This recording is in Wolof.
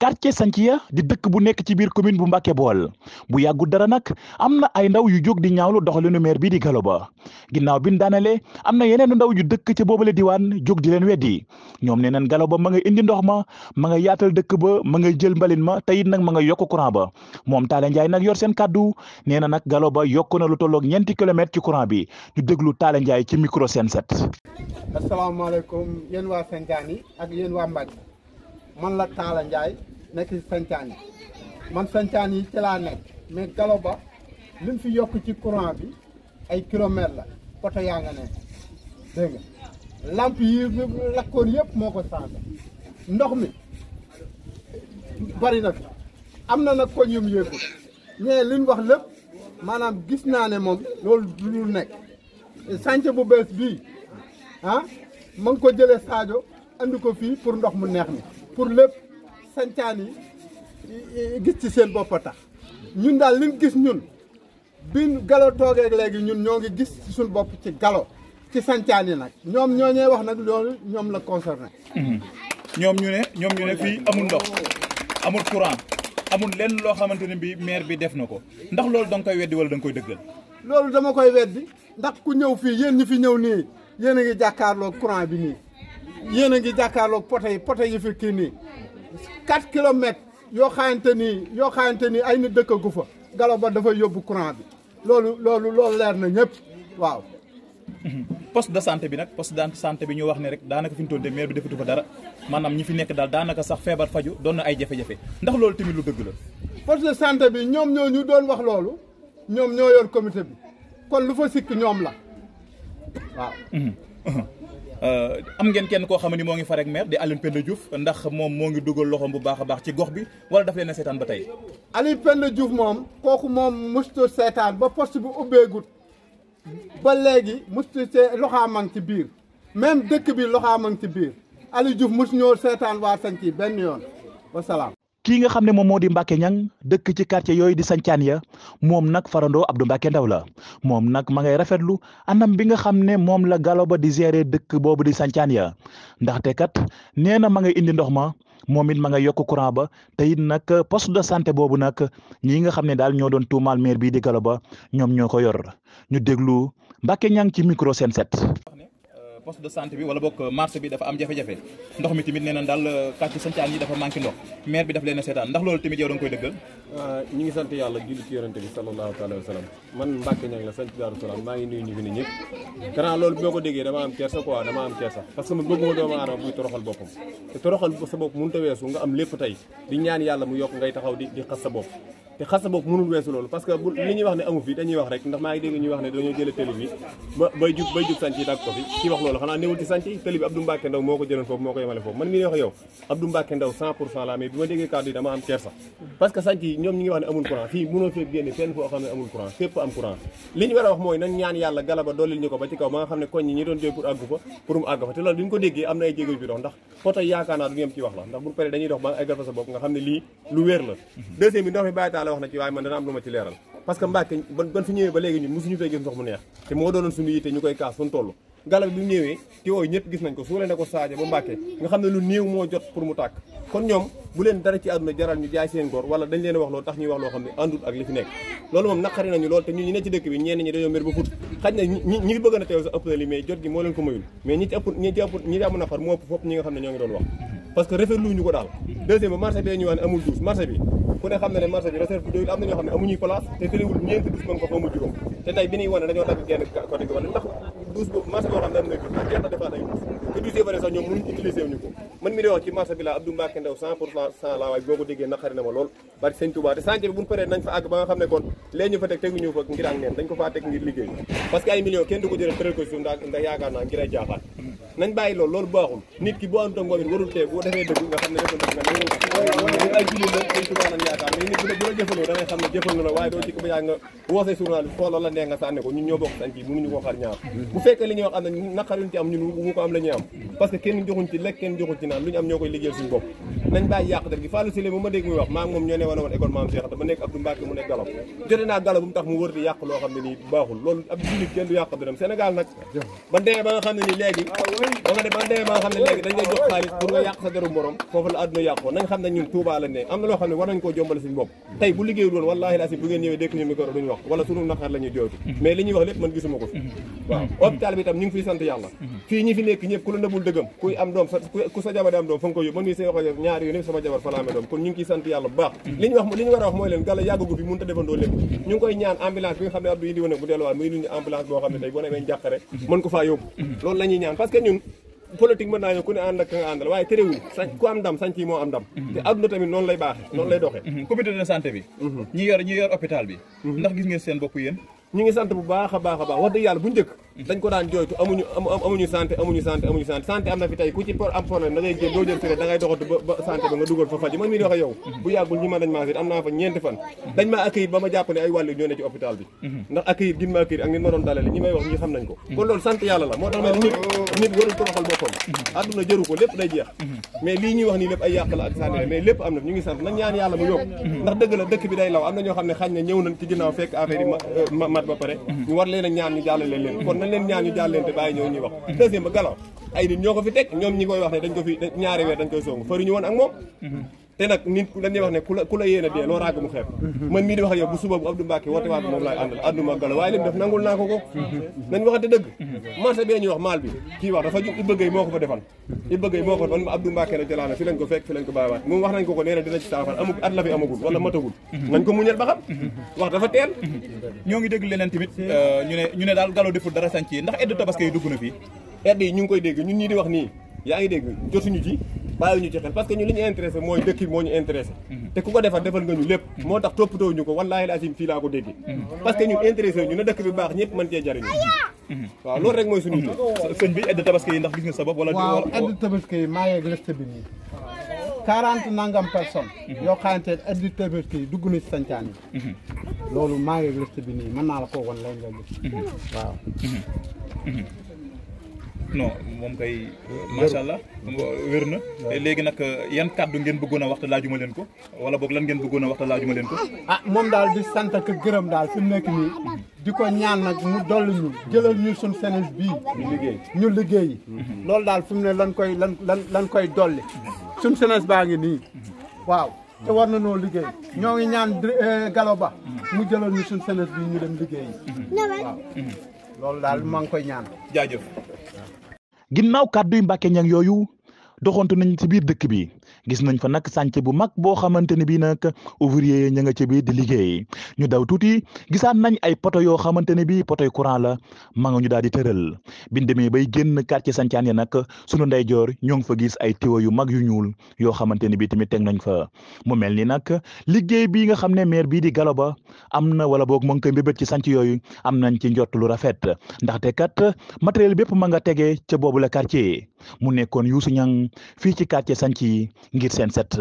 quartier sankiya di dekk bu nekk ci biir commune bu Mbacké bol bu yagu dara nak amna ay ndaw yu jog di ñaawlu doxalinu maire bi di galoba. Ba ginnaaw bi ñu daanalee am yeneen ndaw yu dëkk ca boobale diwan jog di len weddi ñom ne neen Ba ma nga indi ndox ma ma nga yaatal dekk ba ma nga jël mbalin ma tayit nak ma nga yokk courant ba mom ndjay nak yor sen nak na lu tolok ñenti kilomètre ci courant bi ñu ndjay ci micro Sen set asalaamaaleykum yéen waa Senghane yi ak wa Mbacké man la Talla Ndiaye nekk ci man santaan yi ci laa nekk mais Gallo Ba li fi yokk ci courant bi ay kilomètres la poto yaa nga nekk dégg nga lamp yi lakkoon yëpp moo ko changé ndox mi bari na am na nag koñ yum yéegul mais wax lépp maanaam gis naa ne moom loolu du nekk sànc bu bees bii ah ma ngi ko jëlee Sadio andi ko fii pour ndox mu neex mi pour lépp sancaan yi gis ci seen bopp tax ñun daal liñ gis ñun bi Galo toogee léegi ñun ñoo ngi gis ci suñu bopp ci Galo ci sancaan yi nag ñoom ñoo ñee wax nag loolu ñoom la concerné mhm. ñoom ñu ne ñoom ñu ne fii amul ndox amul courant amul lenn loo xamante ne bi maire bi def na ko ndax loolu da nga koy weddi wala da koy dëggal loolu dama koy weddi ndax ku ñëw fii yéen ñi fi ñëw nii yéen a ngi jàkkaarloo courant bi nii yéen a ngi jàkkaarloog poto yi poto yi fi kii nii 4 kilomètres yoo xamante ni yoo xamante ni ay nit dëkkagu fa Gallo Ba dafay yóbbu courant bi loolu loolu loolu leer na ñëpp waaw. poste de santé bi nag poste de sante bi ñu wax ne rek daanaka fi ñu tontee maire bi defatu fa dara maanaam ñi fi nekk daal daanaka sax feebar faju doon na ay jafe-jafe ndax loolu tamit lu dëgg la. poste de sante bi ñoom ñoo ñu doon wax loolu ñoom ñoo yor comité bi kon lu fa sikk ñoom la waaw. Mhm. Mhm. Euh, am ngeen kenn koo xam ne moo ngi fa rek maire di Alioune Penda Diouf ndax moom moo ngi dugal loxoom bu baax a baax ci gox bi wala daf leen a seetaan ba tey. Alioune Penda Diouf moom kooku moom mustu seetaan ba poste bu ubbeegut ba léegi mustu see loxaamang ci biir même dëkk bi loxaamang ci biir Aliou Diouf musu ñoo seetaan waa sanc ci benn yoon wasalaam. kii nga xam ne moom moo di Mbacke Niang dëkk ci quartier yooyu di sancaan ya moom nag farandoo Abdou Mbacke Ndaw la moom nag ma ngay rafetlu anam bi nga xam ne moom la galo ba di gérer dëkk boobu di sancaan ya ndaxte kat nee na ma ngay indi ndox ma moom it ma nga yokk courant ba te it nag poste de sante boobu nag ñi nga xam ne daal ñoo doon tuumaal maire bii di galo ba ñoom ñoo ko yor ñu déglu Mbacke Niang ci micro seen set poste de bi wala bokk marché bi dafa am jafe-jafe ndox mi tamit nee na daal kàcc euh, sancaan yi dafa manqué ndox maire bi daf leen a seetaan ndax loolu tamit yow da koy dëggal euh, ñi sant yàlla julli ci bi sallallahu taala wa sallam man Mbacke Niang la sant Daaru Salaam maa ngi nuyu ñu fi ne ñëpp gannaaw loolu bi ma ko déggee dama am kersa quoi dama am kersa parce que man bëgguma doomu aadama buy toroxal boppam te toroxal sa bopp mënut a weesu nga di ñaan yàlla te xas sa bopp mënul weesu loolu parce que bu li ñuy wax ne amu fi dañuy wax rek ba bay jub bay jub ko fi ci wax loolu xanaa néewul ci sànc yi télé bi Ndaw moo ko jëloon foofu moo ko yemale foofu man amul courant fii mënoo fee génne fenn foo amul courant fépp am courant li ñu wax mooy nañ ñaan yàlla galaba dollil ñu ko ba ci kaw ba nga xam ne koñ ñi doon jooy pour àggu fa pour mu àgg fa te loolu bi ko déggee am na ay jéego bi la wax na ci waaye man dana am lu ma ci leeral parce que Mbàkke ban ban ñëwee ba léegi ñun mosuñu fee gis ndox mu neex te moo doonoon suñu yitte ñu koy kaas suñu toll galab bi ñëwee te ooyu ñëpp gis nañ ko suule ne ko Sadio ba Mbàkke nga xam ne lu néew moo jot pour mu tàkk kon ñoom bu leen dara ci àdduna jaral ñu jaay seen góor wala dañ leen wax loolu tax ñuy wax loo xam ne àndul ak li fi nekk loolu moom naqari nañu lool te ñu ñi ci dëkk bi ñenn كوني خامن المارس جرسير فيديو الأمن يخامن أمني كلاس تسيري ولمين تدوس من كفوم جروم تناي بني وانا نجوا تابي كيان كاتي كمان نتاخ دوس بو مارس بو خامن نجوا تابي كيان تدفع تاي تدوس يبغى نسوي يوم مني تدوس يوم نجوا من ميري وقتي مارس بلا عبد الله كندا وسان فورس سان لا واي بوجو ديجي نخاري نمالول بار سنتو بار سان جيبون بير نان فاك بان خامن كون لين يفتح تكني نيو فك نجرا نين تنكو فات تكني ليجي بس كاي ميري وقتي دوكو جيرن تريكو سوندا اندا يا كان نجرا جافا نن باي لول لول باهم نيت كي بو انتم غوين غورو تي بو دفع دكو خامن نجوا تكني yaakaar mais nit bu la jëfandoo da xam ne jëfandoo waaye doo ci ko ba yaa nga woose journal bi xoolal la nee nga sànni ko ñun ñoo bokk sanci mënuñu koo xar ñaar bu fekkee li ñuy wax am na ci am ñun mu ko am la am parce kenn joxuñ ci lekk kenn joxuñ ci naan lu ñu am ñoo koy liggéeyal suñu bopp nañ bàyyi yàq der gi Fallou Sile bu ma dégg muy wax maa moom ñoo ne woon woon école maam Cheikh ma nekk Abdou Mbacke mu ne Galop jote naa Galop tax mu wër di yàq loolu ab ne nii léegi nekk ñëpp ku la nëbul dëggam kuy ku sa jabar am doom fa ko yóbbu man mii say wax ñaari yoon yëpp sama jabar fa la doom kon ñu ngi sant yàlla bu baax wax li war a wax mooy leen gàlla yàggagu fi mënut a defandoo lépp ñu koy ñaan ambulance bi xam ne Abdou indi ñaan parce ñun politique mën naa ñëw ku ne ànd ak ka waaye terewul ku am ndam sañ ci moo am ndam te adduna tamit noonu lay baaxee noonu lay doxee mhm. comité de santé bi mhm. ñi yor ñi yor hôpital bi mhm. ndax gis ngeen seen bopp yéen ñu ngi sant bu baax a baax wax dëgg yàlla dañ ko daan jooytu amuñu amuñu santé amuñu santé amuñu santé santé am na fi tey ku ci por am problème da ngay jël doo jël fi da ngay doxatu ba santé ba nga dugal fa faju man mii di wax yow bu yàggul ñi ma dañ maa fi am naa fa ñeenti fan dañ ma accueillir ba ma jàpp ne ay wàllu ñoo ne ci hôpital bi ndax accueillir gin ma accueillir ak nit ma doon dalal ñi may wax ñi xam nañ ko kon loolu sant yàlla la moo tax ma nit nit warul toroxal boppam àdduna jëru ko lépp day jeex mais lii ñuy wax nii lépp ay yàq la ak santé mais lépp am na ñu ngi sant nañ ñaan yàlla mu yokk ndax dëgg la dëkk bi day law am na ñoo xam ne xañ na ñëw nañ ci ginnaaw fekk affaire yi mat ba pare ñu war leen a ñaan ñu jàllale leen kon nañ leen ñaan ñu jàllante bàyyi ñëw ñuy wax deuxième ba galaw ay nit ñoo ko fi teg ñoom ñi koy wax ne dañ ko fi ñaari weer dañ koy songu faruñu woon ak moom te nag nit dañuy wax ne ku la ku la yéene dee loo ràgg mu xeeb man mii di wax ak bu suba bu Abdou Mbacke woote waat ko ko nañ waxante dëgg marché moo ko ko fa man ma Abdou Mbacke la jalaana fi lañ ko fekk fi ko bàyyiwaat moom wax nañ ko ko nee dina ci saafara at la fi amagul wala matagul nañ ko muñal ba xam wax dafa teel ñoo ngi dégg leneen tamit euh, ñu ne ñu ne daal galo deful dara sànc yi ndax aide tabaski yi na fii aide yi ñu ngi koy dégg ñun ñii di wax nii yaa ngi dégg jotuñu ci bàyyiwuñu ci xel parce que ñu li ñu mooy dëkk moo ñu intéressé mhm. te ku ko defar defal nga ñu lépp moo tax toppatoo ñu ko wallaahi laasim fii laa ko déggee mhm. parce que ñun intéressé ñu na dëkk bi baax ñëpp mën cee jariñu mhm. waaw loolu rek mooy suñu sëñ bi aide tabaski yi ndax gis nga sa bopp wala waaw aide tabaski yi maa ngeeg liste bi nii quarante nangam personnes yoo xamante aide tabaski yi dugg na ci sancaan yi loolu maa ngeeg bi nii mën naa la koo woon lay nga non moom kay. macha allah wér na. léegi nag yan kaddu ngeen bëggoon a waxta laajuma leen ko wala boog lan ngeen bëggoon a waxta laajuma leen ko. ah moom daal di sant ak gërëm daal fi mu nekk nii. di ko ñaan nag mu dolli ñu. jëlal ñu suñu senes bii. ñu liggéey ñu liggéey. loolu daal fi mu ne lan koy lan lan lan koy dolli. suñu senes baa ngi nii. waaw te war na noo liggéey. ñoo ngi ñaan eh, Gallo Ba. mu jëlal ñu suñu senes bii ñu dem liggéey. waaw loolu daal maa ngi koy ñaan. jaajëf. ginnaaw kàddu yu Mbacke Niang yooyu doxantu nañ ci biir dëkk bi gis nañ fa nag chantier bu mag boo xamante ne bii nag ouvrier yi ña nga ci biir di liggéey ñu daw tuuti gisaat nañ ay poto yoo xamante ne bii poto courant la ma ñu daal di tëral biñ demee bay génn quartier Sancaan ya nag sunu ndeyjoor ñoo ngi fa gis ay tiwo yu mag yu ñuul yoo xamante ne bii tamit teg nañ fa mu mel ni nag liggéey bii nga xam ne maire bii di Gallo Ba am na wala boog mu ngi koy mbébét ci sanc yooyu am nañ ci njott lu rafet ndaxte kat matériel bépp ma nga tege ca boobu la quartier mu nekkoon Youssou Niang fii ci quartier sanc yi ngir seen set